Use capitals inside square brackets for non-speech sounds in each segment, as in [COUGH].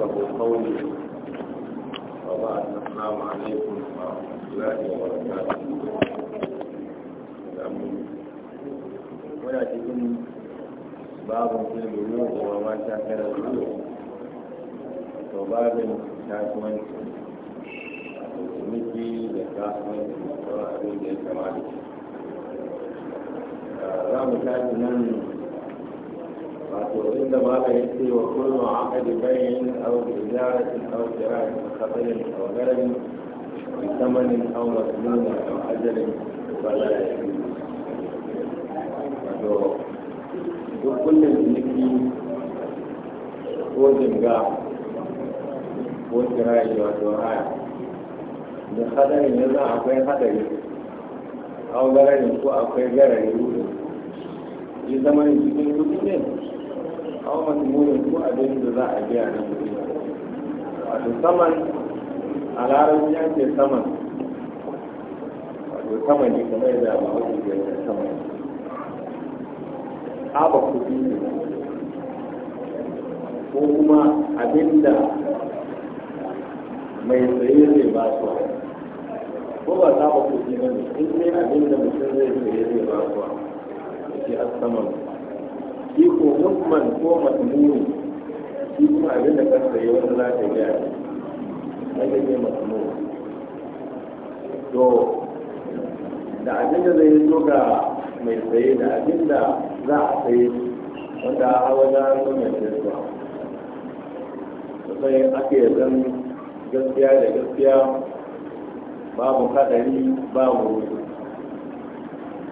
ko kawai ba ba ne kuma ba cikin babin ke da ruwa da mama ta kara ya kama da shi ramu وإنما يأتي وكل عقد بيع أو تجارة أو شراء خطر أو غرب بثمن أو مضمون أو أجل فلا يجوز. وكل من يكون وجراء وجراء من خطر يضع في خطر أو غرب أو في غرب يزمن kawo mazmunin ko abin da za a biya na kuɗi a saman a larabci an ce saman wato sama ne kamar da ba wani biyar da sama ne aba kuɗi ne ko kuma abin da mai tsaye zai ba su ko ba za ba kuɗi ba ne in dai abin da mutum zai tsaye zai ba su a ce a saman shi ko mutman ko matmuni shi kuma abin da kansa yi wani za ka gaya ake ne matmuni to da abin da zai zo ga mai saye da abin da za a saye wanda a wajen hannun mai sayarwa sosai ake zan gaskiya da gaskiya babu kadari babu ruwa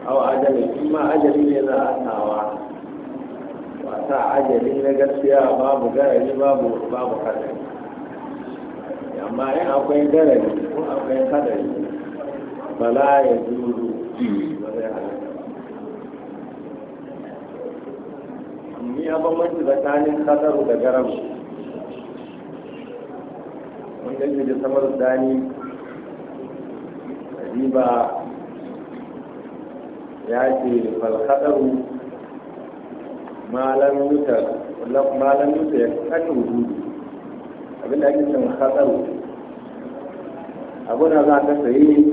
awa ajali kuma ma ajali ne za a nawa mata sa ajali na gaskiya babu garari babu babu kadari amma in akwai garari ko akwai kadari bala ya zuru ba zai halatta ni ya bambanci tsakanin kadaru da garamu wanda ke da samar dani riba ya ce falkadaru malam yuta malam yuta ya kan wudu abinda ake cin hatsaru da za ka sayi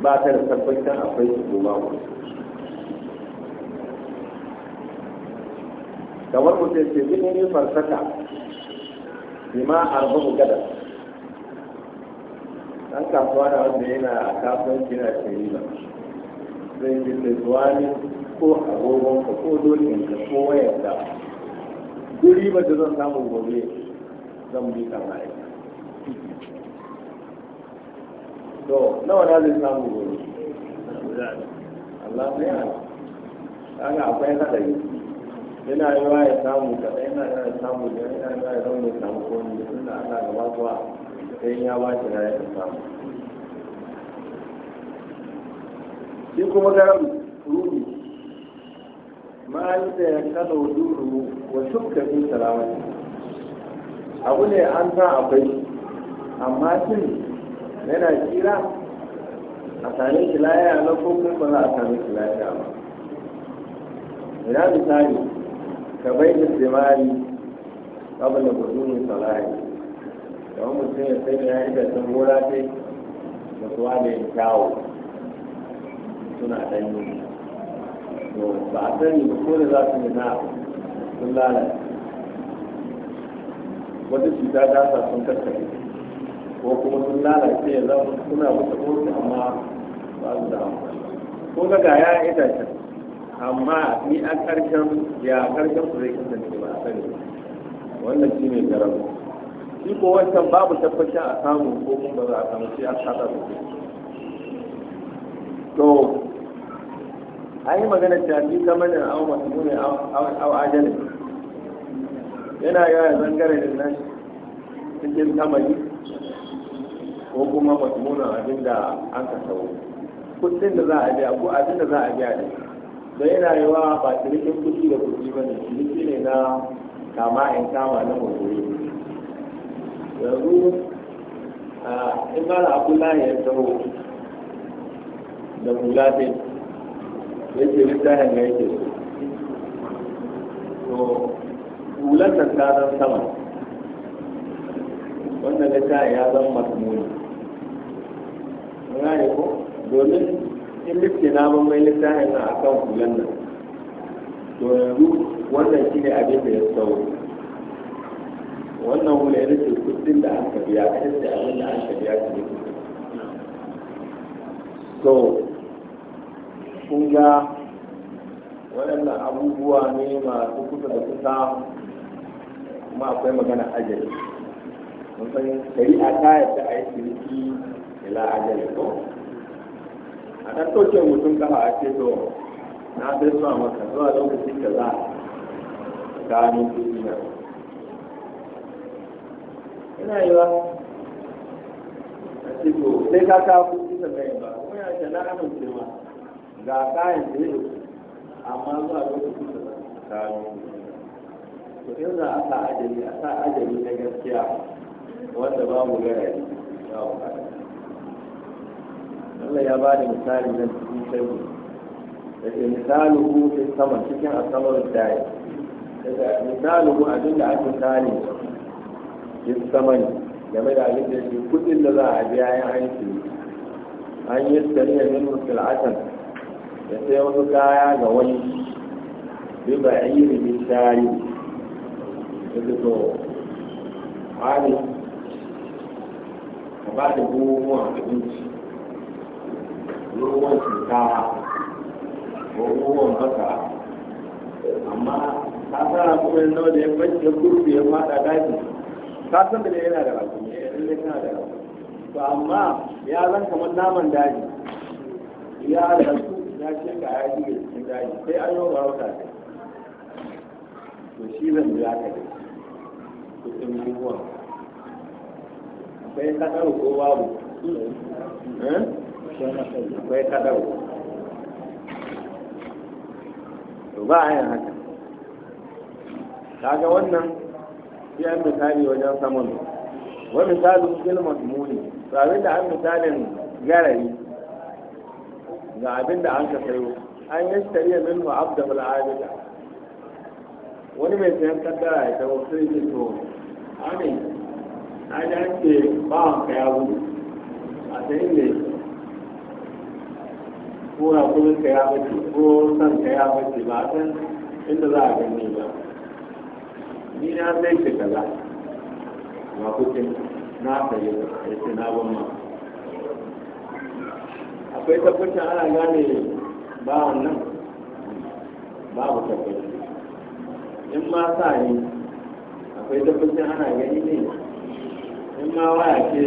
ba ta da tabbatar akwai su goma ku kamar mutum ce zai yi farsaka bima arbahu gada Dan kasuwa da wanda yana kasuwanci na shirina zai yi ne. ko agogon ka ko dokin ka ko wayar da guri ba da zan samu gobe zan bi ka mai to nawa na zai samu gobe Allah ya kaga akwai yi yana yi ya samu kaɗai yana yi samu da yana yi ya samu ya samu ko ne tun da ana gaba kuwa sai ya ba shi na ya samu shi kuma garamu ma da ya kada wuduru wa shukka fi salamati abu ne an sa akwai amma shin yana tsira a sami shi laya na ko kuma ba za a sami shi laya ba ina misali ka bai da tsimari abin da salari salahi kamar mutum ya sai ya yi da sun gora sai da suwa da yin kyawo suna ɗanyi to ba a sani ba ko da za su yi na sun lalata wata cuta ta sa sun karkare ko kuma sun lalace ya zama suna wata kotu amma ba su da amfani ko ga ga ya itace amma ni a karshen ya karshen su zai kasance ba a sani wannan shi ne garabu shi ko wancan babu tabbacin a samu ko kuma ba za a samu sai a kada su to an yi magana tafi kamar da awon masu ne awon ajalin yana yawa zangare da nan cikin tamari ko kuma masu abin da an ka sau kudin da za a biya ko abin da za a biya da don yana yawa ba cikin kudi da kudi ba ne ciniki ne na kama in kama na motsi yanzu in abu na ya taho da mulatin yake littafin ya yake so to hular da ta sama littafin ya zan ya yi ko domin in littafi na ban mai littafin na a kan kulan nan to yanzu wannan shi ne abin da ya wannan hula ya rike kudin da an ka biya cikin da abin da an ka biya su ne kun ga waɗannan abubuwa ne masu kusa da kusa kuma akwai magana ajali mun san shari'a ta yadda a yi ciniki ila ajali ko a ɗan ɗauke mutum kafa a ce to na sai zuwa maka zuwa lokacin da za a gano duniya na ina yi ba a ce to sai ka kawo kusa da ba kuma ya ce na amince ga kayan da yau amma zuwa lokacin da za su kawo to in za a sa ajali a sa ajali na gaskiya wanda babu garari ya bukata Allah ya ba da misali zan ci sai yake misaluhu fi sama cikin asamar daya daga misaluhu abin da aka misali fi sama ne game da abin da shi kudin da za a biya ya aiki an yi tsari tsariyar yin musulatan da sai wasu kaya ga wani riba iri bin shari da su to wani a ba da buhuhuwan abinci buhuhuwan ko buhuhuwan baka amma ta tsara kuma nawa da ya bacci ya kurfi ya fada daji ta san da yana da rakumi ya lalle kana da rakumi to amma ya zan kamar naman daji ya rasu ya ce ka ya ji cikin daji sai an yi wa hausa ta to shi zan biya ka da kuɗin buwan akwai kaɗaro ko babu eh? akwai kaɗaro to ba a yin haka kaga wannan sai an misali wajen saman wani misalin kilmat muni tsarin da an misalin garari ga abin da an ka sayo an yi tsariya min mu abda al'adida wani mai sayan kaddara ya tawo sai ya to ami an ce ba ka ya gudu a sayin ne ko na kuma kaya ya bace ko san kaya ya bace ba san inda za a gani ba ni na sai ce kaza ba kucin na sayi ya ce na ban ma akwai tabbacin ana gane ba wannan babu tabbacin in ma sa ne akwai tabbacin ana gani ne in ma waya ce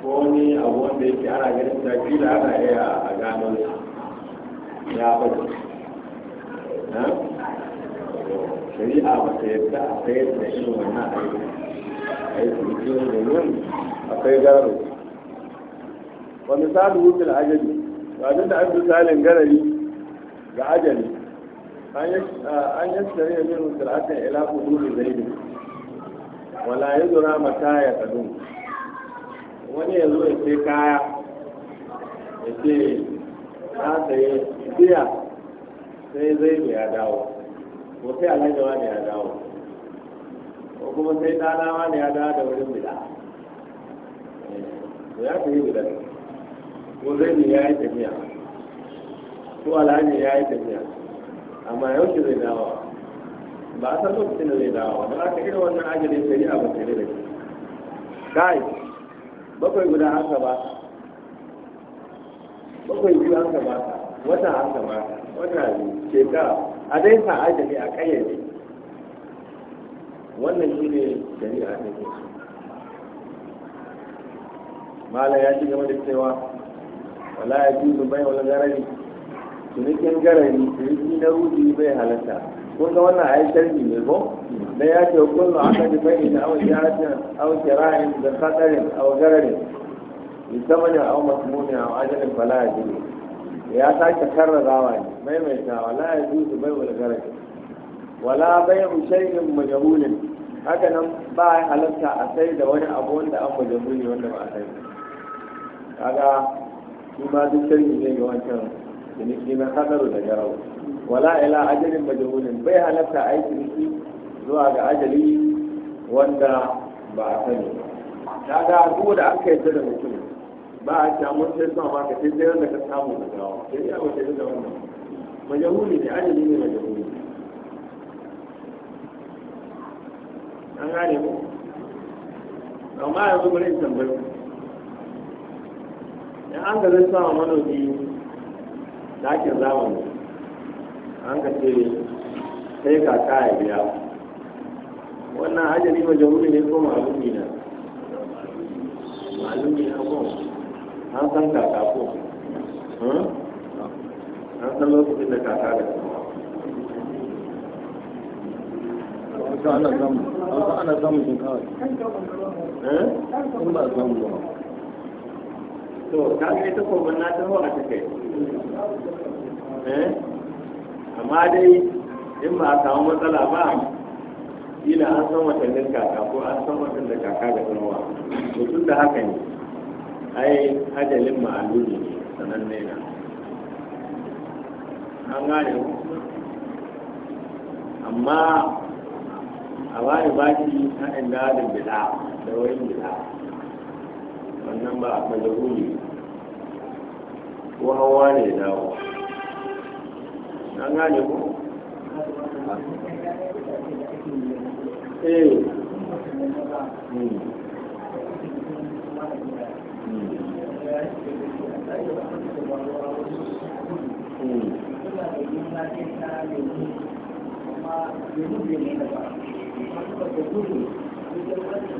ko wani abu wanda yake ana ganin ta kila ana iya a gano ya bace na shari'a ba ta yarda a sayar da irin wannan aiki aiki cikin domin akwai garo wa misali wukin ajali ba da an fi misalin garari ga ajali an yi tsari da yin musulatan ila kudurin zaidi wala yi zura mata ya kadun wani ya zo ya ce kaya ya ce ta saye biya sai zaidu ya dawo ko sai alhajawa wani ya dawo ko kuma sai ɗanawa wani ya dawo da wurin bida eh, ya fi yi bida ko zai ya yi tafiya ko alhaji ya yi tafiya amma yaushe zai dawo ba a san lokacin da zai dawo don aka irin wannan ajalin shari'a ba tare da shi kai bakwai guda haka ba bakwai biyu haka ba wata haka ba wata biyu shekara a dai sa ajali a kayyade wannan shi ne shari'a ta ke mala ya ci gaba da cewa wala ya ji bai wani garari cinikin garari ciniki na rudi bai halatta kun ga wannan ayi sharhi ne ko da ya ce kullu aka ji bai da awon jihatin awon kirayen da khatarin garari. gararin bi samanin awon masmunin aw ajalin bala ya ji ya sake karrarawa ne maimaita wala ya ji bai wani garari wala bai mu shaidin majahulin haka nan ba ya halatta a sai da wani abu wanda an majahuli wanda ba a sai kaga shi ma duk sharri ne ga wancan ciniki na kadaro da garau wala ila ajalin majhulin bai halatta aiki shi zuwa ga ajali wanda ba a sani ba ga duk da aka yarda da mutum ba a samu sai son ma ka sai sai da ka samu da garau sai ya wuce da wannan majhuli ne ajali ne majhuli an gane mu amma yanzu bari in tambaye in an ga zai sama manomi ɗakin zamani an ka ce sai kaka ya biya wannan ajali majahuri ne ko ma'alumi na ma'alumi na ko an san kaka ko hmm? an san lokacin da kaka da kuma ana samun ana samun shinkawa hmm? ba samu ba to ta ne ta kogon na ta hawa ta kai eh? amma dai in ba a samu matsala ba ila an san watannin kaka ko an san watan kaka da kanwa to tun da haka ne ai ajalin ma'aluli ne sananne na an gane ku amma a bani baki na inda da bida da wani bida wannan ba a majahu ne ko hawa ne dawo gane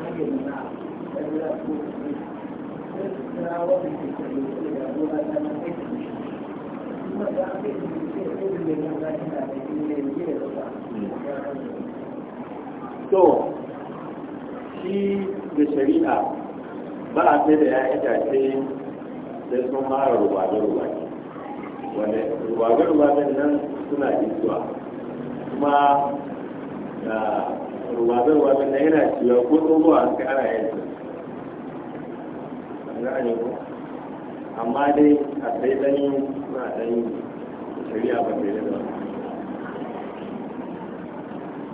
Thank eh. you. Hmm. Hmm. to shi da shari'a ba a sai da ya itace da sun mara rubaje-rubaje wanda rubaje-rubajen nan suna jisuwa kuma ah, rubaje-rubajen nan yana ciwa ko tsohuwa sai ana yanzu gane ko amma dai a sai dani na dani shari'a ba sai da wani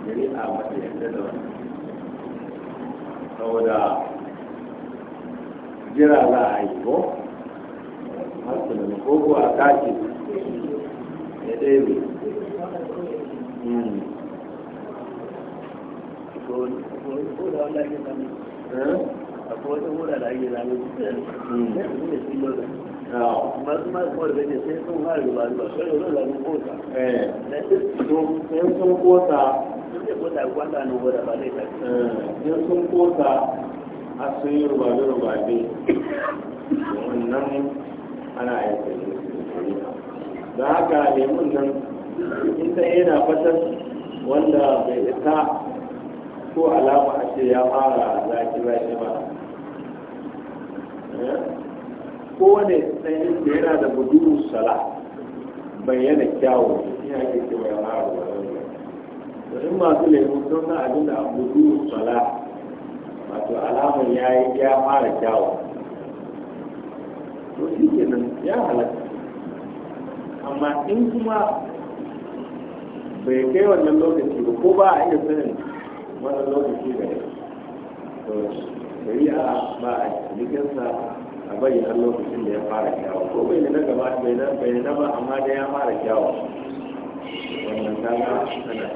shari'a ba sai da wani saboda jira za a yi ko har da ko a ya ɗaya hmm. ko da akwai wata hura da ake zanen su da su da su lokaci masu masu kawar da ne sai sun fara ruba ruba sai ruba da mun kota sai sun kota sun ce kota kwanta nan kota ba zai tafi eh. sai sun kota a sun yi ruba da ruba ne wannan ana aiki da haka lemun nan in ta yana fatar wanda bai ita ko alama a ce ya fara zaki zaki ba kowane tsayin da yana da budurun sala bayyana kyawu ya ke cewa ya mara da in masu lemun sun na abin da budurun sala wato alamun ya yi ya fara kyawu to shi nan ya halatta amma in kuma bai kai wannan lokaci ba ko ba a iya sanin wannan lokaci da ya shari'a ba a cikinsa a bayyana lokacin da ya fara kyawu ko bai na gaba bai na bai na ba amma da ya fara kyawu wannan kaga tana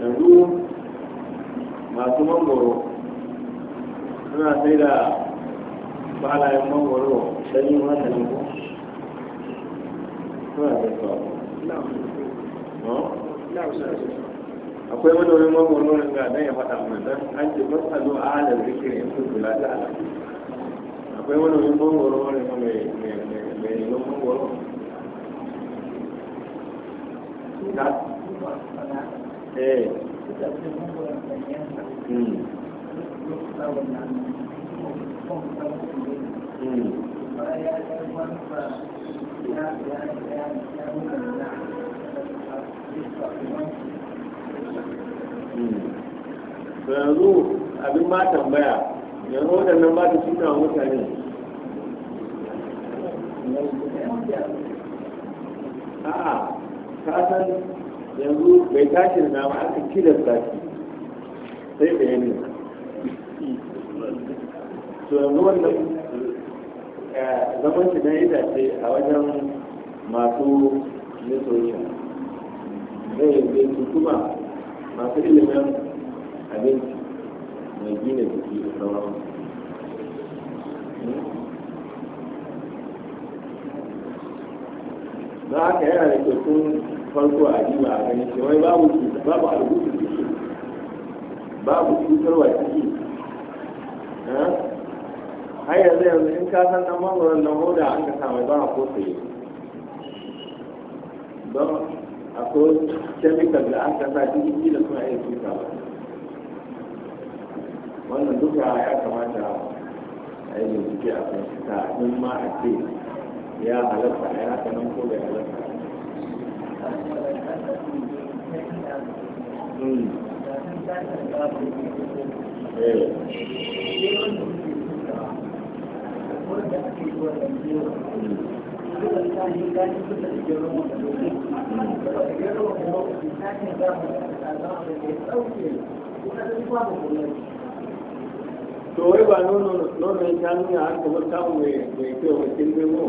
yanzu masu mangoro suna sai da balayen mangoro sanyi wannan ne ko suna sai da ba akwai manomin magwaro nan ga dan ya faɗa mana dan an ce masalu ala zikri in kuntu la ta'lamu akwai wani magwaro ne mai mai mai neman magwaro na eh mm mm to yanzu abin ba tambaya yanzu waɗannan ba ta cuta mutane a'a ka san yanzu bai tashi na ba aka tilasta shi sai da yanzu to yanzu wannan eh, zaman shi na dace a wajen masu nutrition zai zai tutuma masu ilimin abinci mai gina jiki da sauran a haka yana da kyau sun farko a jima a ganin shi wai babu babu albutu jiki babu cutarwa jiki har yanzu yanzu in ka san dan mamuran nan hoda an ka samu ba a ko saye don akwai chemical da aka sa cikin kila suna iya cuta wannan duka ya kamata a yi bincike a kan ta in ma a ce ya halatta a ya nan ko bai halatta hmm. Eh. Hmm. to wai ba nono nono ya ta nuna har kamar samu mai kyau mai kirgin mu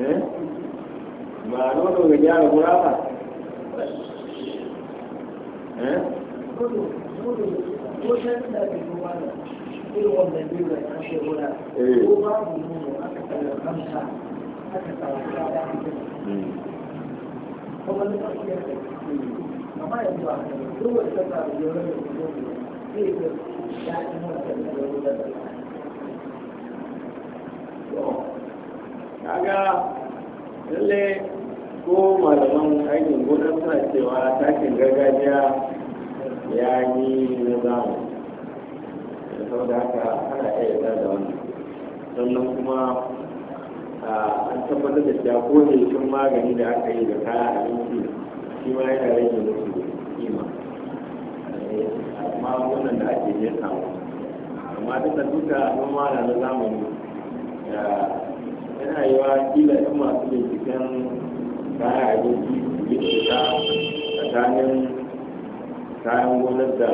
eh? ba nono ga gyara gura ba ko ta da ke ta ko nono kaga lalle ko malaman aikin gudun suna cewa takin gargajiya ya yi na zamu da sau da haka ana iya yarda da sannan kuma an tabbatar da cewa ko ne cikin magani da aka yi da kayan abinci shi ma yana rage musu kima eh, amma wannan da ake yin samu amma duka duka noma na na zamani yana yi wa kila yan masu binciken kayan abinci su yi da tsakanin kayan gonar da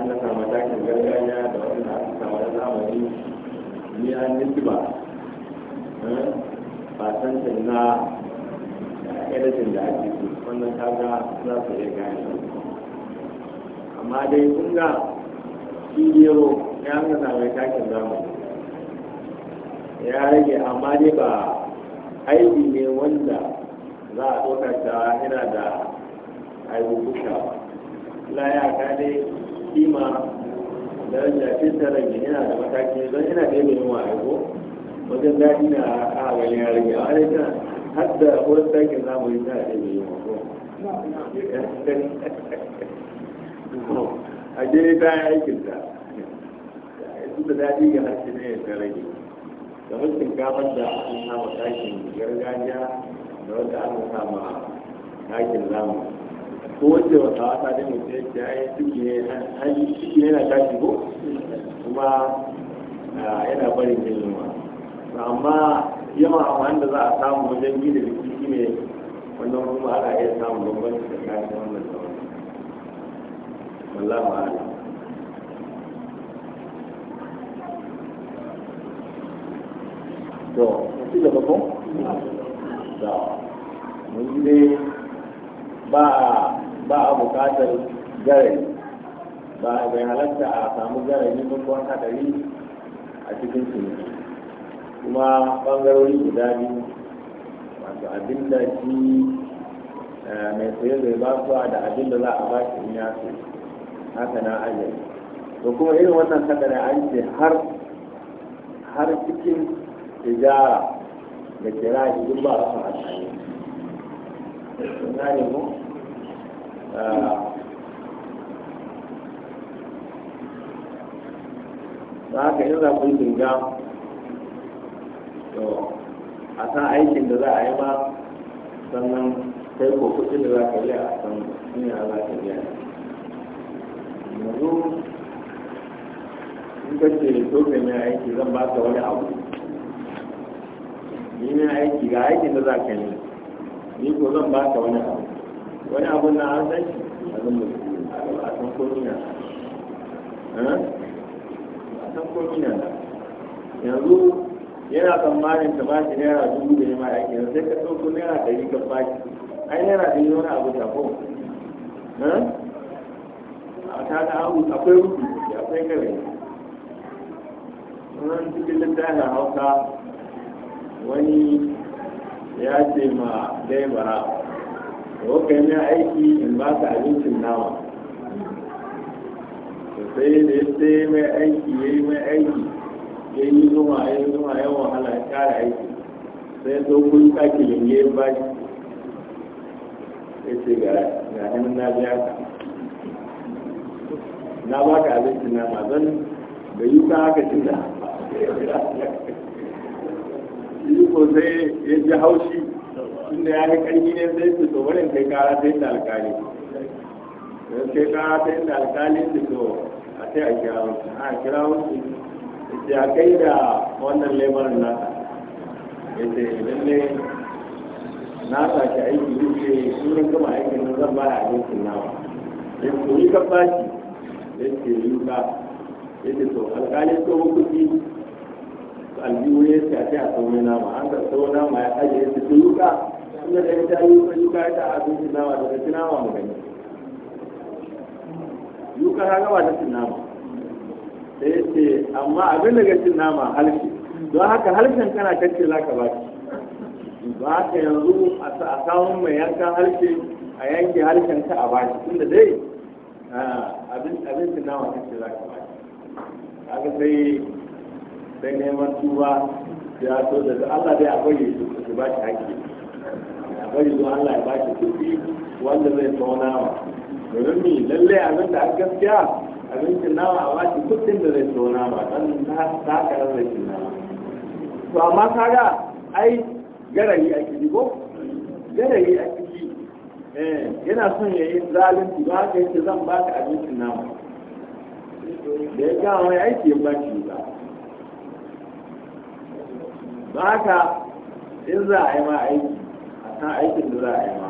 an da samun takin gargajiya da wani aka na zamani ni an nisba fatantin na eh, irin da ake ke wannan kaga za su iya gane amma dai kun ga bidiyo ya nuna takin zamani ya rage amma dai ba aiki ne wanda za a ɗauka ta yana da aibubuka la ya ka dai kima daraja ce ta rage yana da mataki don yana da yin wa aiko wajen daɗi na a ganin ya rage A dai tana har da wani ɗakin zamani ta ake yi a jere ta yi aikin ta da daɗi ga harshe ne ya rage kamar da an kama ɗakin gargajiya da wanda an samu ɗakin zamani ko wace wata wata da mutum ya yi ciki ne na tashi ko kuma yana barin jin yunwa amma yawan amfani da za a samu wajen gida da biki ne wannan kuma ana iya samun bambanci da kayan wannan da wannan wallah ma'ana to ci da mun dai ba ba a bukatar gare ba bai halatta a samu gare ne ko haɗari a cikin ciniki kuma bangarori guda biyu wato abin da shi eh, mai saye zai ba su da abin da za a ba shi ya su haka na ajiyar to kuma irin wannan kadara an ce har har cikin tijara da kira duk ba a kan asali mu ba haka yin zafin ku a san aikin da za a yi ba sannan kai ko kuɗin da za ka yi a san shine a za ka biya yanzu in ka ce so ka yi aiki zan ba ka wani abu ni ne aiki ga aikin da za ka yi ni ko zan ba ka wani abu wani abu na an san shi a zan mutum a san komi na eh? a san komi na yanzu yana tsammanin ta ba shi naira dubu da ya ma yake sai ka ɗauko naira ɗari ka ba shi ai naira ɗari wani abu ta ko a ta ga abu akwai ya kai kare wani cikin littafin hausa wani ya ce ma dai bara kai ne aiki in ba ka abincin nawa? sai da ya sai mai aiki ya yi mai aiki ya yi zuma ya yi zuma ya wahala ya kara aiki sai zo kun sake linge ya ba shi ya ce ga hannun na biya ka na ba ka abinci na ma zan da yi ka haka cin da shi ko sai ya ji haushi inda ya ga ƙarfi ne sai su to barin kai kara sai da alkali sai kara sai da alkali su to a sai a kira wuce a kira wuce ya kai da wannan laibarin na ya ce lalle na sashi aiki duke sunan gama aikin nan zan baya aikin nawa ya ce ka bashi ya ce yi ka ya ce to alƙalin tsohon kuɗi aljihu ya ce a ce a tsohon nama an ka tsohon nama ya ajiye ya ce to yi ka inda da ya ta yi yuka ya ta abinci nawa ta ci nama mu gani yuka ta gaba ta ci nama da ya ce amma abin ga cin nama halshe don haka halshen kana kacce za ka ba shi ba haka yanzu a samun mai yankan halshe a yanke halshen ka a ba inda tunda dai abin cin nama kacce za ka ba shi haka sai dai neman tuba ya so da Allah dai akwai shi ba shi hakki a bari zuwa Allah ya ba shi kuɗi wanda zai tsauna domin mi lallai abin da gaskiya abincin nama a wace kudin da zai tona ba dan ta haka da zai nama to amma kaga ai garayi a ciki ko garayi a ciki eh yana son ya yi zalunci ba ka yace zan baka abincin nama da ya ga wani aiki ya shi ba ba ka in za a yi ma aiki a san aikin da za a yi ma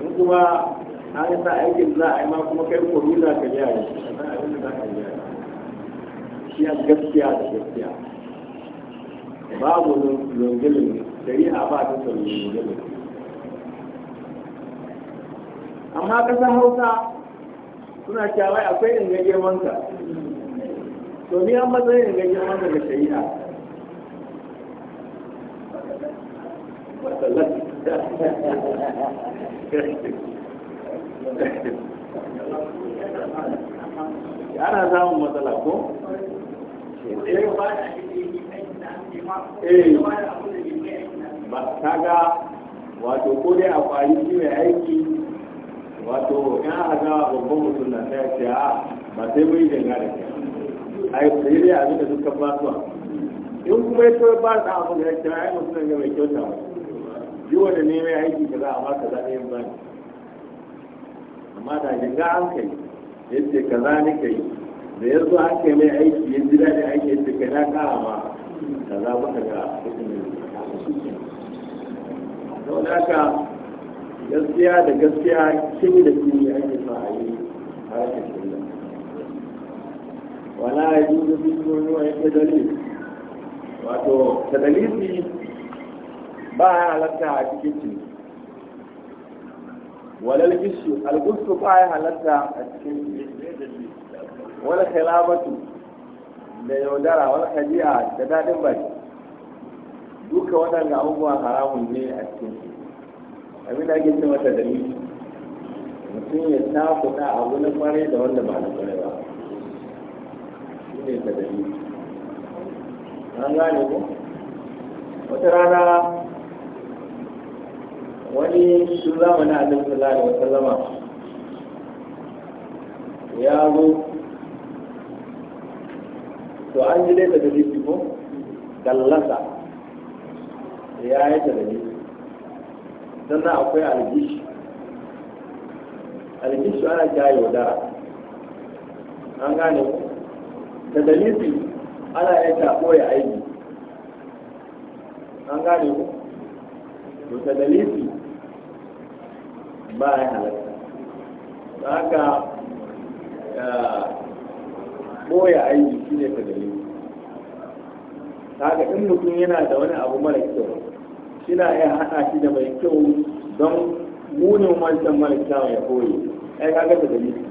in kuma an sa aikin za a yi ma kuma kai kuri za ka biya yi shi a gaskiya da gaskiya babu zungilin shari'a ba ta son zungilin amma kasar hausa suna cewa akwai ingajiyar wanka to ni an matsayin ingajiyar wanka ga shari'a Thank [LAUGHS] you. ana samun matsala ko? Eh. ba ta ga wato ko dai a kwari shi mai aiki wato yan a ga babban mutum na ta yace a ba sai mai janga da ke ai sai dai abin da suka basuwa in kuma ya kawai ba ta abin da ya ce yi mutum ne mai kyauta ba yi wanda ne mai aiki ka za a ba ka za yin bani amma da ga an kai yace kaza ne kai da yanzu an kai mai aiki ya ji daɗin aiki yace kai ya kara ma kaza baka ga Da wani haka gaskiya da gaskiya kimi da kimi ake sa a yi harkar shirya wala ya yi da biyu ne wa yake dalil wato ta dalili ba ya halatta a cikin ciniki walal gishu algusu ba ya halatta a cikin wani khilafatu da yaudara wani hadiya da daɗin baki duka waɗanda abubuwan haramun ne a cikin abin da ake ce mata da ni mutum ya kuɗa abu na kwarai da wanda ba na kwarai ba shi ne ta da ni an gane ko wata rana wani tun zamanin a sallallahu alaihi wasallama ya zo to an ji dai daga jiki ko gallasa ya yi daga jiki sannan akwai aljishi aljishi ana kya dara, an gane ku da dalilin ana iya ta koya aiki an gane ku to da dalilin. ba ya halatta haka ɓoye aiki shi ne ta haka in mutum yana da wani abu mara kyau shi na iya haɗa shi da mai kyau don munin wancan mara kyau ya koyi ai kaga da dalili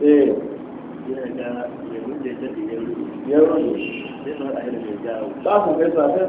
eh. ya ga ya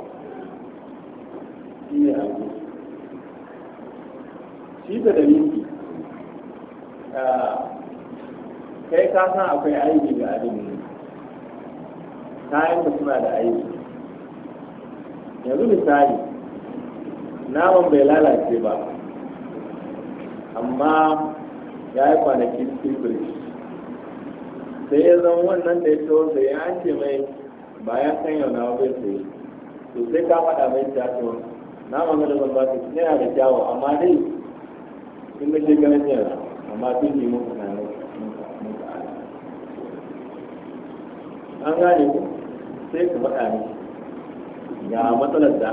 shi da dalili kai ka san akwai aiki ga abin kayan da suna da aiki yanzu misali naman bai lalace ba amma ya yi kwanaki cikin birki sai ya zama wannan da ya ce wanda ya ce mai ba ya yau na wabai sai to sai ka faɗa mai ta na mama da ban baki ne yana da kyawu amma dai sun da ke ganin yara amma sun yi muku na yau an gane ku sai ka faɗa ne ga matsalar da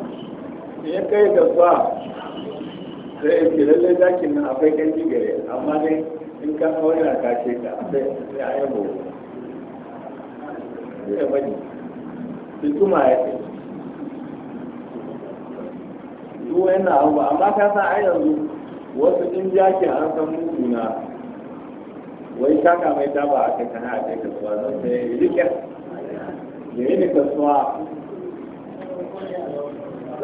a me ya kai ga ba sai ya ce lallai nan akwai amma dai in ka hawa yana kashe ka sai a yi ya bani ya ce duk yana abu amma ka san ai yanzu wasu in jakin an san mutuna wai shaka mai daba a kai kana a kai kasuwa don sai rike da kasuwa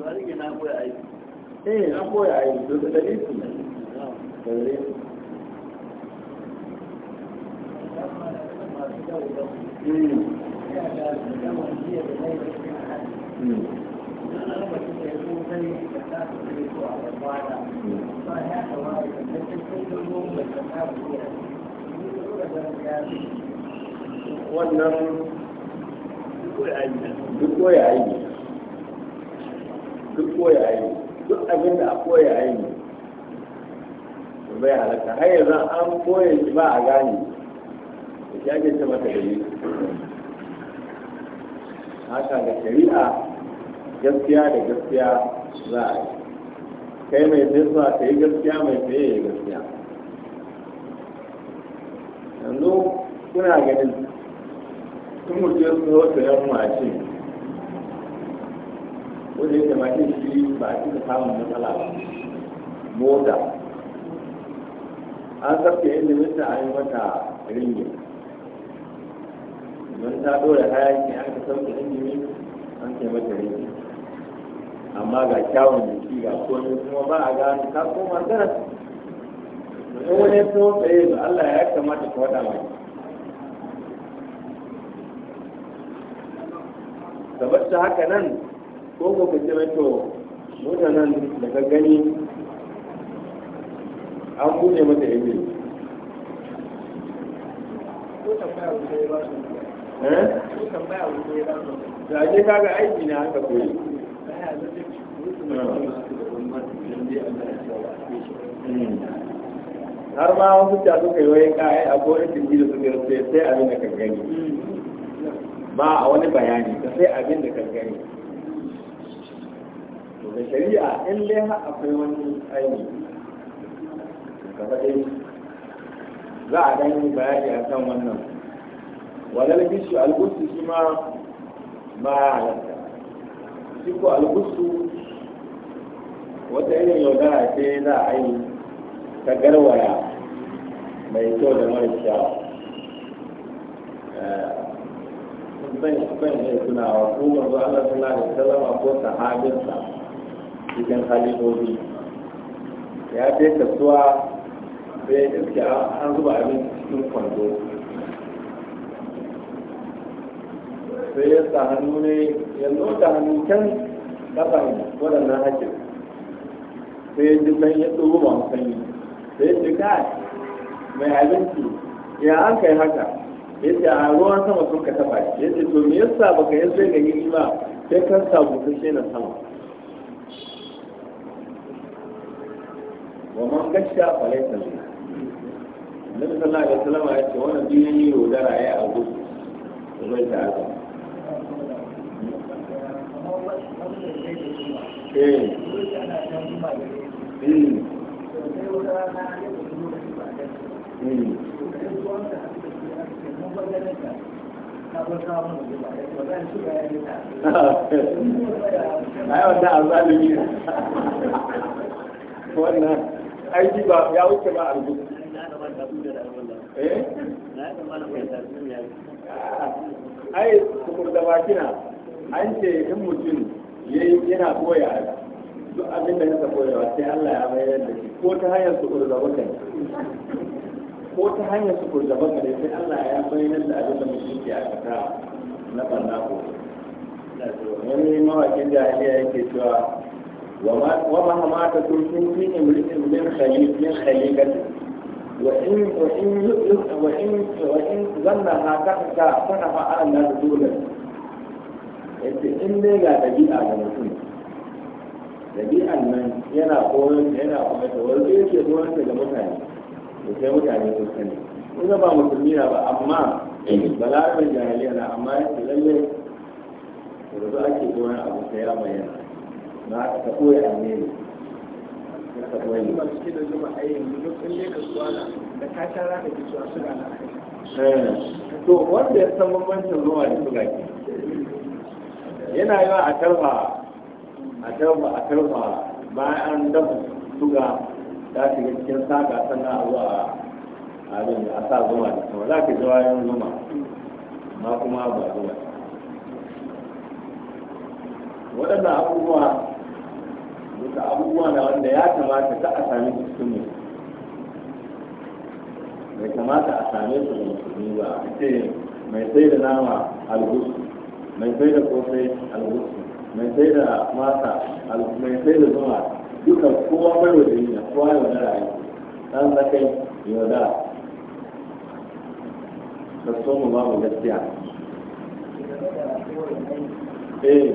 na koya aiki eh, da dalilin ne da dalilin hmm. Hmm. wannan duk koya aiki duk koya yi duk abin da a koya yi bai halatta har yanzu an koya shi ba a gane da shi ake ce mata yi haka da shari'a gaskiya da gaskiya za a yi kai mai nesa ka yi gaskiya mai tsaye ya gaskiya yanzu kuna ganin sun mutu ya su wata yamma a wanda yake ba shi shi ba a cika samun matsala ba mota an tsafta ilimin ta a yi mata ringin don ta dora hayaki an ka sauke ilimin an kai mata ringin amma ga kyawun jiki ga komai kuma ba a gano ta koma garas in wani so tsaye ga Allah ya kamata ka wada mai tabbata haka nan ko ko ka kira to mutanen da ka gani an buɗe mata ibi eh? da ake kaga aiki na haka koyi ah. hmm. har ma wasu ta suka yi wayan kayan akwai wani da suka sai abin da ka gani hmm. ba a wani bayani sai abin da ka gani da shari'a in dai har akwai wani aini gaba dai za a gani bayani a kan wannan walal gishu algusu shi ma ba ya halatta shi ko algusu wata irin yaudara ce za a yi ta garwaya mai kyau da mara kyawa eh, ban ban ne tunawa ko manzo Allah sallallahu alaihi wasallam ko sahabinsa cikin halidobi ya fi kasuwa sai iske an zuba abinci cikin kwando sai ya sa hannu ne ya da hannu can kasan waɗannan hakin sai ya ji sanyi tsoro ba sanyi sai ya ji kai mai abinci ya an kai haka ya ce a ruwan sama sun ka taɓa ya ce to me yasa baka yi sai ga ba sai kan sabu sun shi na sama gasha falai salli nabi sallallahu alaihi wasallam ya ce wannan ya zai ta haka eh hmm. Hmm. [LAUGHS] [LAUGHS] wannan aiki ba ya wuce ba a rubutu eh? ai kuma da bakina an ce in mutum yana koya duk abin da yasa koyarwa sai Allah ya bayar da shi ko ta hanyar su kurza baka ko ta hanyar su kurza baka ne sai Allah ya bayar da abin da mutum ke a aikata na barna ko wani mawakin jahiliya yake cewa ومهما تكون في امرئ من خليل من خليلته وإن وإن وإن وإن ظنها كفك صنف على الناس دولا yace in dai ga dabi'a da mutum dabi'an nan yana koyon yana koyon da wani yake koyon mutane da sai mutane su sani kuma ba musulmi ba amma bala'ar jahiliya na amma ake koyon abu sai ya bayyana na ta koya alheri ka koya ne ba suke da zuma a yanzu duk in ne ka suwana da ka ta za ka ji suwa suga na to wanda ya san bambancin ruwa da suga ke yana yi a tarba a tarba a tarba bayan an dafa suga ta shiga cikin saka sannan a zuwa a abin da a sa zuma da kuma za ka ji wayan zuma ma kuma ba zuma waɗannan abubuwa duka abubuwa na wanda ya kamata ta a sami cikin mutum bai kamata a same su da musulmi ba a ce mai sai da nama algusu mai sai da kosai algusu mai sai da mata mai sai da zuma duka kowa bai wa na kowa yau na rayu dan zakai yau da ka so mu ba mu gaskiya eh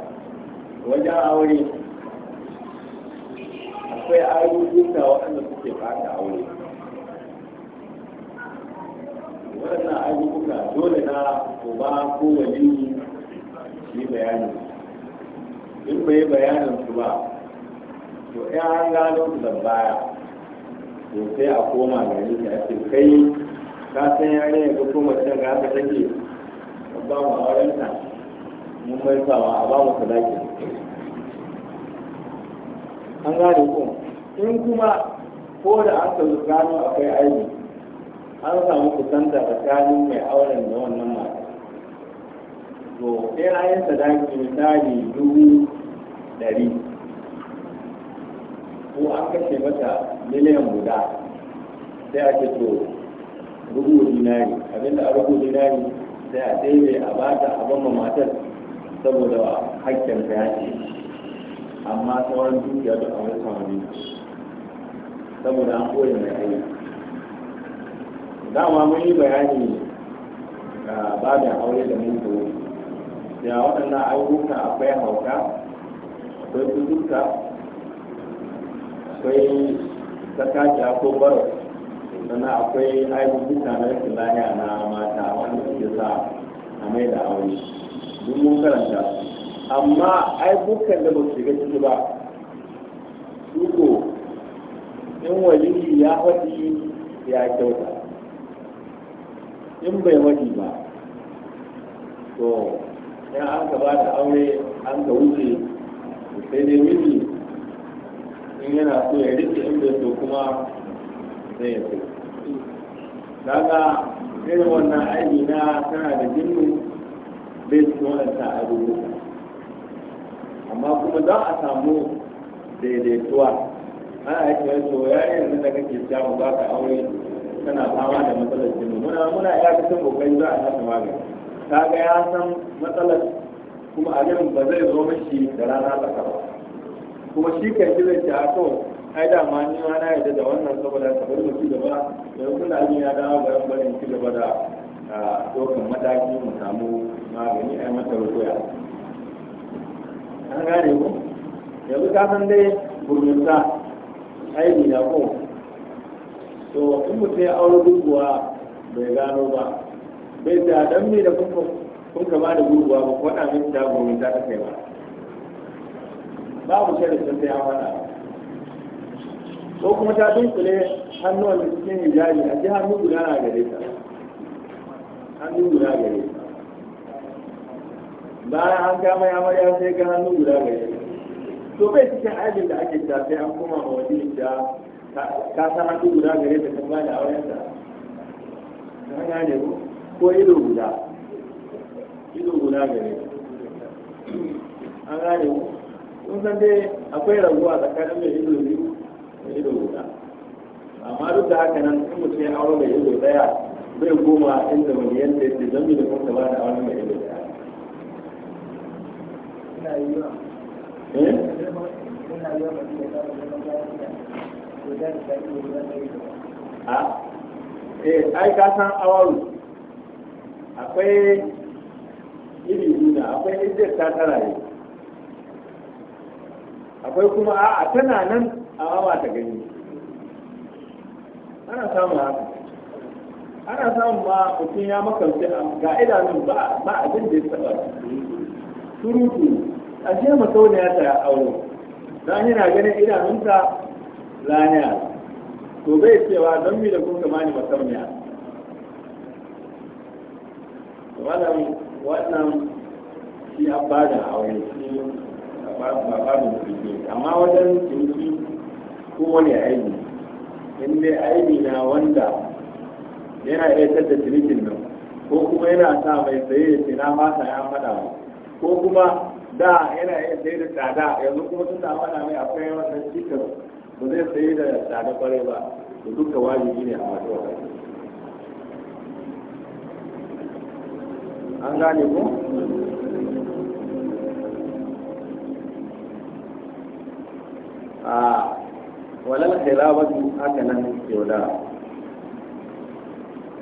wajen aure akwai ayyuka waɗanda suke fata aure waɗannan ayyuka dole na kuma ko yi yi bayani in bai bayanin su ba to ya an gano su da baya to sai a koma yi ta ake kai ka san yare ya ga koma can ga haka take ba mu aurenta mun bai sawa a ba mu sadaki an gane ko in kuma ko da an ka gano akwai aiki an samu kusanta tsakanin mai auren da wannan mata to sai an yi sadaki misali dubu dari ko an kashe mata miliyan guda sai a to rubu dinari abinda a rubu dinari sai a daidai a bata a bamma matar saboda haƙƙin ka ya ce amma sauran dukiya da kawai samari saboda an koyi mai aiki dama mun yi bayani ga babin aure da mun koyi da waɗannan ayyuka akwai hauka akwai kuzuka akwai sakaciya ko baro sannan akwai ayyukan na rashin lahiya na mata wanda suke sa a mai da aure mun karanta amma ai dukkan da ba su shiga ciki ba su ko in waliyi ya faɗi ya kyauta in bai faɗi ba to in an ka bata da aure an ka wuce sai dai miji in yana so ya rike in bai so kuma zai ya so irin wannan aiki na tana da jinnu bai cikin waɗanta a rubuta amma kuma za a samu daidaituwa ana yi kawai to ya yi yanzu da kake samu ba ka aure tana fama da matsalar jini muna muna ya fi son kokari za a sata magani ta ga ya san matsalar kuma a abin ba zai zo mashi da rana ta ba kuma shi kan ji zai ci a to ai da ma ni ma na yarda da wannan saboda ka bari mu ci gaba yanzu kuna jin ya dawo ga yan barin ci gaba da dokan ah, mataki mu samu magani a mata rukuya an gane ku yanzu ka san dai gurminta aini na ko to in mutum ya aure gurguwa bai gano ba bai da dan me da kun kun gaba da gurguwa ba ko da min ta gurminta ta kai ba babu sharadin sai an faɗa ko kuma ta dunkule hannuwan cikin hijabi a ji hannu guda na gare ta hannu guda gare ta bayan an kama ya amarya sai gana nuna guda gaya to bai cikin aibin da ake ta sai an koma ma wani da ka san hannu guda gare da kan bada auren ta ka gane ko ko ido guda ido guda gare an gane ko kun san dai akwai raguwa tsakanin mai ido biyu da ido guda amma duk da haka nan in mutum ya aure mai ido daya bai koma inda wani yadda ya ce zambi da kuma ba da auren mai ido daya Eh? Eh, ai ka akwai kuma a tana nan a wawa ta gani ana samun haka ana samun ma mutum ya makamci ga idanun ba da ya saba surutu a ce masauniya ta aure don yana ganin idanunta laniya to bai cewa don mi da kun kama ni masauniya wannan wannan shi an ba da aure shi ba ba da mutunci amma wajen cinki kowane aini in dai aini na wanda yana iya tattar cinikin nan ko kuma yana sa mai tsaye da ce na masa ya faɗa ko kuma da yana yin sai da tsada yanzu kuma tun da na mai akwai wannan cikin ba zai sai da tsada kware ba da duka wajibi ne a masu wata an gane ko a walal khilabatu haka nan yauda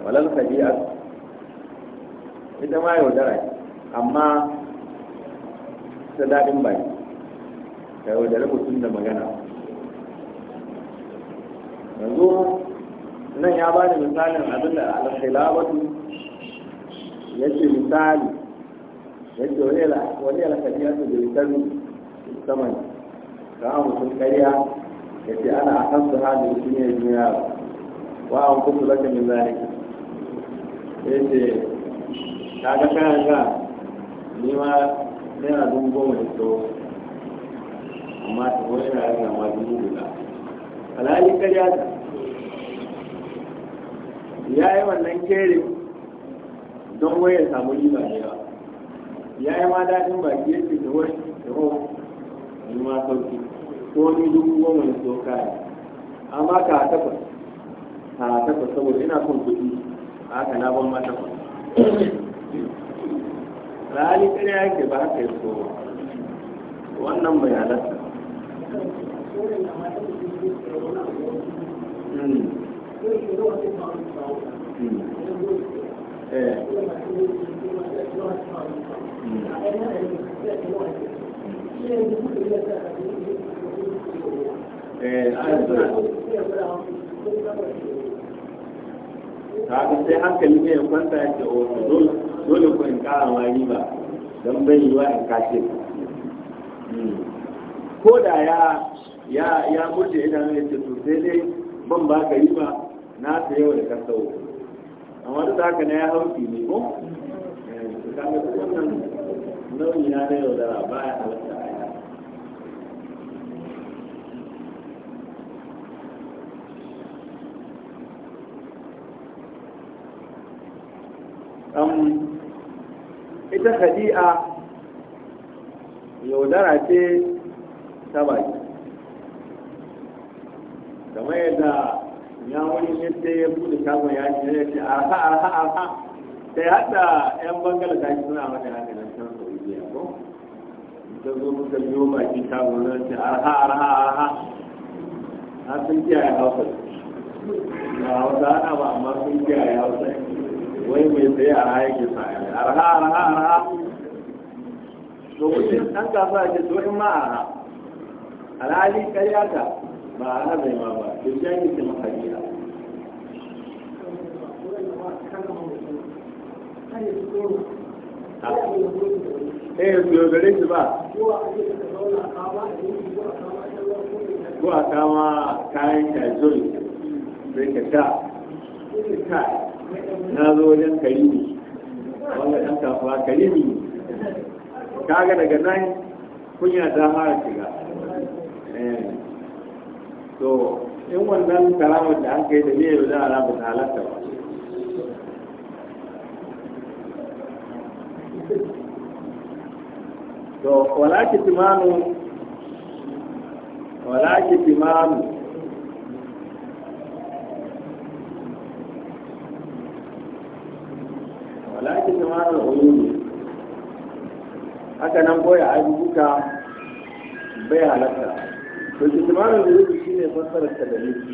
walal khabi'at ita ma yaudara amma ta daɗin baki ka dare mutum da magana yanzu nan ya ba da misalin abin da alkhilabatu ya ce misali ya ce wani ce da misali saman ka mutum karya ya ce ana a kan su mutum ya ne duniya wa an kuma zaka min zalika ya ce ka ga kayan ga ni ma yana dubu goma da tsawo amma ta wani yana yana ma dubu guda alhali karya ta ya yi wannan kere don wai ya samu riba da yawa ya yi ma daɗin baki yake da wani da hau yi ma sauki ko ni dubu goma da tsawo kaya amma ka takwas ka takwas saboda ina son kuɗi a haka na ban ma takwas ra'ayi kare yake ba haka yi so wannan bai hmm. Hmm. Eh, hmm. eh sai hankali ne ya kwanta ya ce, "Oh, dole ku in kara ma riba don bai yiwa in kashe hmm. ko da ya ya ya murje idan ya ce to sai dai ban ba ka riba na saye wa da ka sau amma duk haka na ya hauki ne ko eh, nauyi na na yaudara ba ya halatta um, ita khadi'a yaudara ce ta baki kamar yadda ya wani yadda ya bude shagon ya ce ya ce arha arha arha sai hada yan bangala ta yi suna mata hankalin can saudiya ko ta zo muka biyo baki shagon na ce arha arha arha an sun kiyaye hausa ba hausa ana ba amma sun kiyaye hausa wai mai tsaye a raha yake sa arha arha arha to wuce an kasuwa ke to in ma arha alhali karyata ba a hazai ma ba ke shi ake ce makariya eh biyo gare shi ba ko a kama kayan kajol sai ka ta na zo wajen karimi wanda ɗan kasuwa karimi kaga daga nan kunya ta fara shiga eh. to in wannan karamar da an kai da ne za a rabu ta halatta ba to wala tim'anu, wala tim'anu. da ake jama'ar ne haka nan yi ayyuka bai halatta to jama'ar ne shi ne fassarar ta da nufi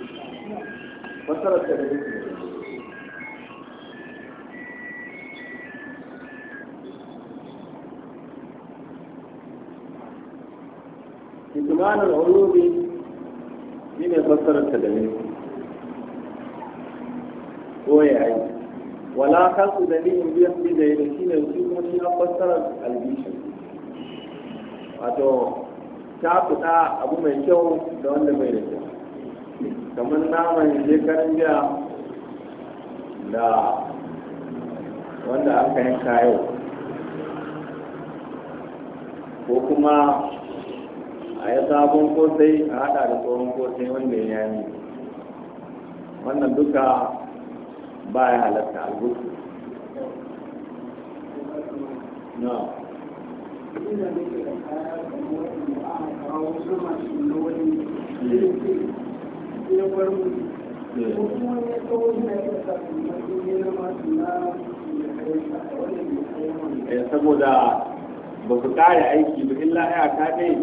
fassarar ta da nufi yi wala su da nihin biyan bi da ya da shi ne shi kuma shi na fassarar albishir wato ta fita abu mai kyau da wanda mai da kyau kamar naman shekarun jiya da wanda aka yanka yau ko kuma a yi sabon kosai a hada da tsohon kosai wanda ya yi wannan duka ba ya halatta albusu na eh, saboda ba su kare aiki ba illa ya ta dai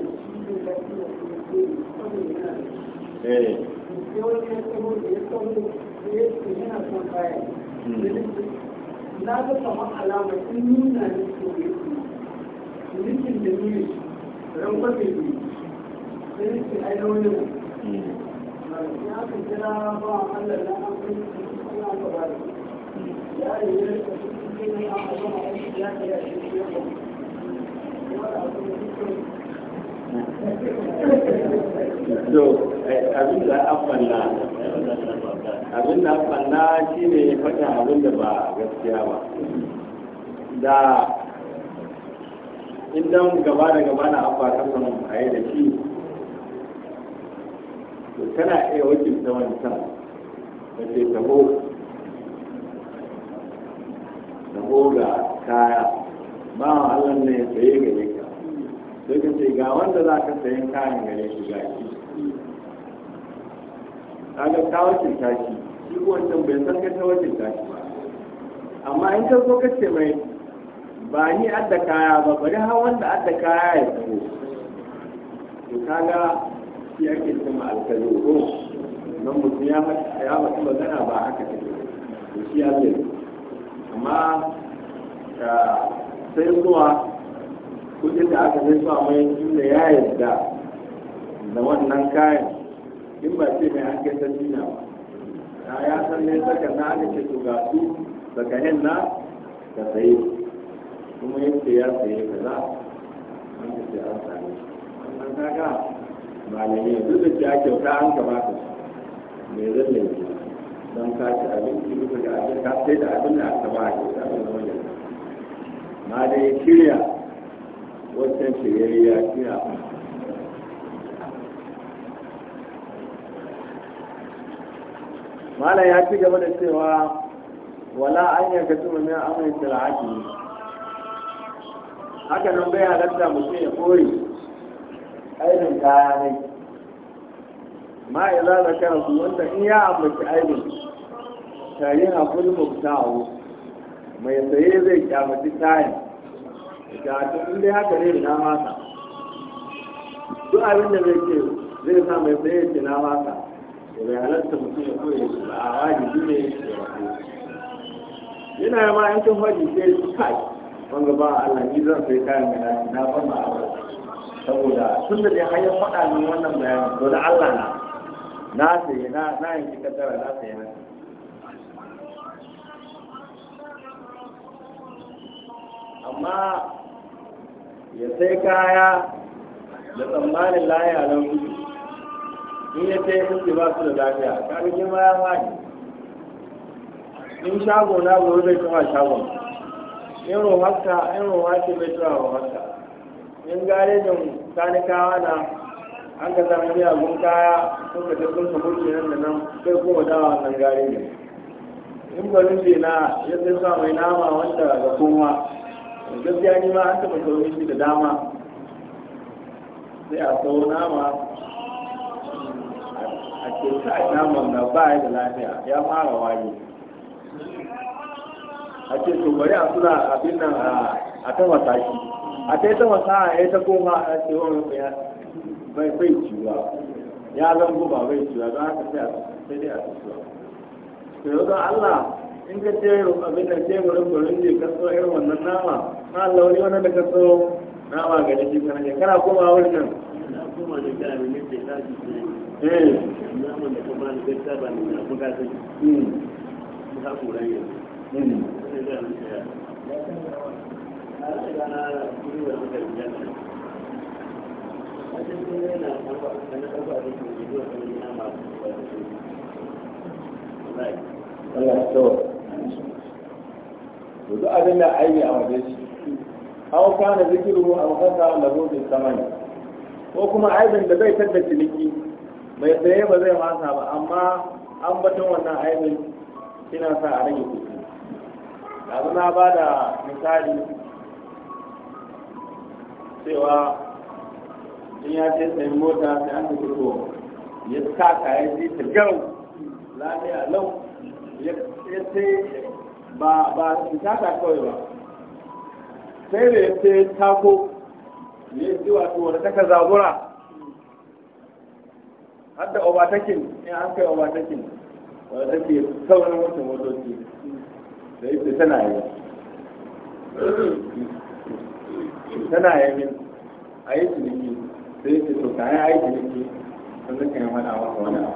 eh na ga kamar alama in nuna ne ko ne nufin da ne ran kwafe ne sai ne ke ya na su da ya yi ne a ya shi ya to eh, abin da an fanna abin da an fanna shi ne abin da ba gaskiya ba da idan gaba da gaba na abba a yi da shi to tana iya wakilta wancan da ke taho taho ga kaya ba Allah ne ya tsaye gare ka sai ka ce ga wanda za ka sayan kayan gare shi ga shi kaga ta wakilta shi shi wancan bai san ka ta wakilta shi ba amma in ka zo ka ce mai ba ni adda kaya ba bari har wanda adda kaya ya tsaro to ga shi ake cima alkalo ko nan mutum ya ya mutu magana ba haka take to shi ya zai amma ah, sai zuwa kudin da aka zai sa mai tunda ya yarda da wannan kayan in ba ce mai hanke ta jina ba na ya san ne saka na aka ce su ga su daga hin na ka saye kuma yadda ya saye ka za an ka ce an sami shi wannan kaga malamai duk da ke ake ta an kamata su mai zan laifi don ka ci abinci duka da abin ka sai da abin da aka ba a ke ta zama da ma ya shirya wancan ya malam ya ci gaba da cewa wala an ya kasu min amrin tilaki haka nan bai halatta mutum ya koyi aibin kaya ne ma ila da kara su wanda in ya amince aibin tare a kulmuktawo mai saye zai kyamaci kayan ga in dai haka ne na masa duk abin da zai ce zai sa mai tsaye ce na masa da bai halatta mutum ya koya shi ba a wajibi ne ya wato yana yi ma yankin hajji sai su kai wanda ba Allah ni zan sai kayan mai na ban ma abu saboda tun da dai har faɗa min wannan bayanin to da Allah na na sai na na yanki kaddara na sai na amma ya sai kaya da tsammanin laya nan in ya sai kuke ba su da lafiya ka ga ma ya faɗi in shago na gobe bai kuma shagon in rohaka in rohaka bai kuma rohaka in garejin kanikawa na an ka samu miyagun kaya sun ka tafi sun kuke nan da nan sai kuma dawa gare garejin in barin na ya sai sa mai nama wanda ga kuma to gaskiya ni ma an taɓa kawo shi da dama sai a sau nama a ke sa naman na ba da lafiya ya fara waye a ce to bari a suna abin nan a ta wasa shi a ta yi ta wasa ya ta koma a ce wani ya bai bai ciwa ya zango ba bai ciwa don haka sai a sai dai a tsuwa to yau Allah in ka ce abin da ke wurin gurin je ka so irin wannan nama na Allah wani wannan da ka so na ma shi kana ne kana koma nan na koma da ka abin da eh. ta ji eh na hmm. hmm. da da ta na ta mm kura ne mm Allah Yanzu abin da a wajen shi aw kana zikruhu aw qata lahu bil samai, ko kuma aibin da zai tada ciniki bai tsaye ba zai masa ba amma an batun wannan aibin ina sa a rage kuɗi yanzu na ba da misali cewa in ya ce sayi mota sai an tafi ko ya kaka ya ji tirgarau lafiya lau ya ce ba ba ta kawai ba sai da ya ce tako ya ji wato wanda taka zabura har da obatakin in an kai obatakin wanda take saurin wancan motoci da ita tana yi tana yi min a yi ciniki sai ce to kayan a yi ciniki sun zaka yi mana wani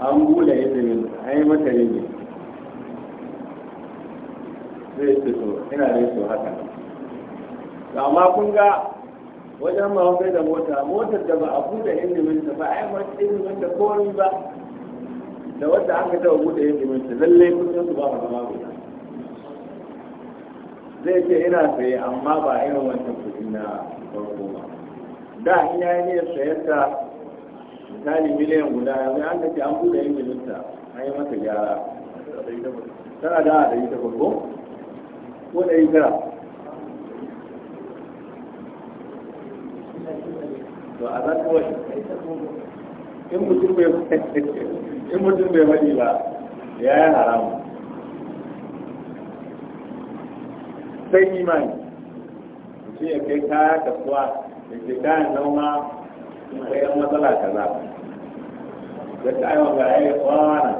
abu an bula yadda min an yi mata yin ina da su haka amma kun ga wajen mahaukai da mota motar da ba a buɗe ilimin ta ba ai mace ilimin da kowani ba da wanda aka taɓa buɗe ilimin ta lallai kusan su ba mu zama guda zai ce ina saye amma ba irin wancan kuɗi na farko ba da in ya yi niyyar sayar ta misali miliyan guda yanzu an ka ce an buɗe ilimin ta an yi masa gyara tana da ɗari takwas farko ko ɗari tara to a za kawai in mutum bai [LAUGHS] in mutum bai faɗi ba ya yi haramu sai imani mutum ya kai kaya ka kasuwa da ke kayan noma sai yan matsala kaza da ta aiwa ga ya yi kwanan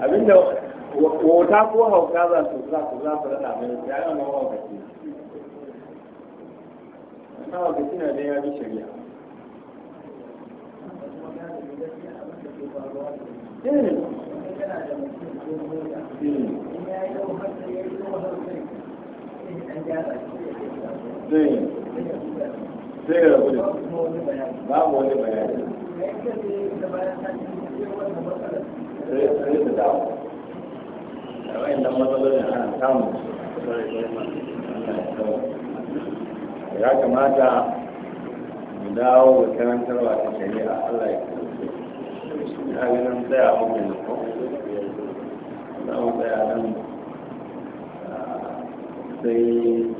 abinda wata ko hauka za su za su za su rada mai ya yi amma wa gaci na wa gaci na da ya bi shari'a zai rabu da babu wani bayani sai da dawo da wayannan matsalolin ana samu ya kamata mu dawo da karantarwa ta shari'a Allah ya kusa ya ga nan tsaya a wajen da ko za mu tsaya nan ah, sai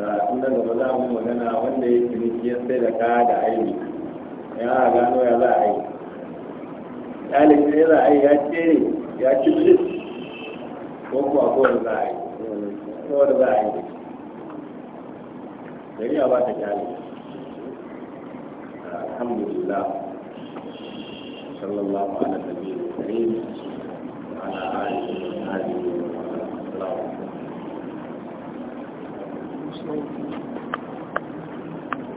karatun da gaba za mu magana wanda ya ciniki ya sai da kaya da aini ya gano ya za a yi ɗalibin ya za a yi ya ce ya ci bilis ko kuwa ko da za a yi ko da za a yi shari'a ba ta kyale alhamdulillah sallallahu ala nabiyyi karim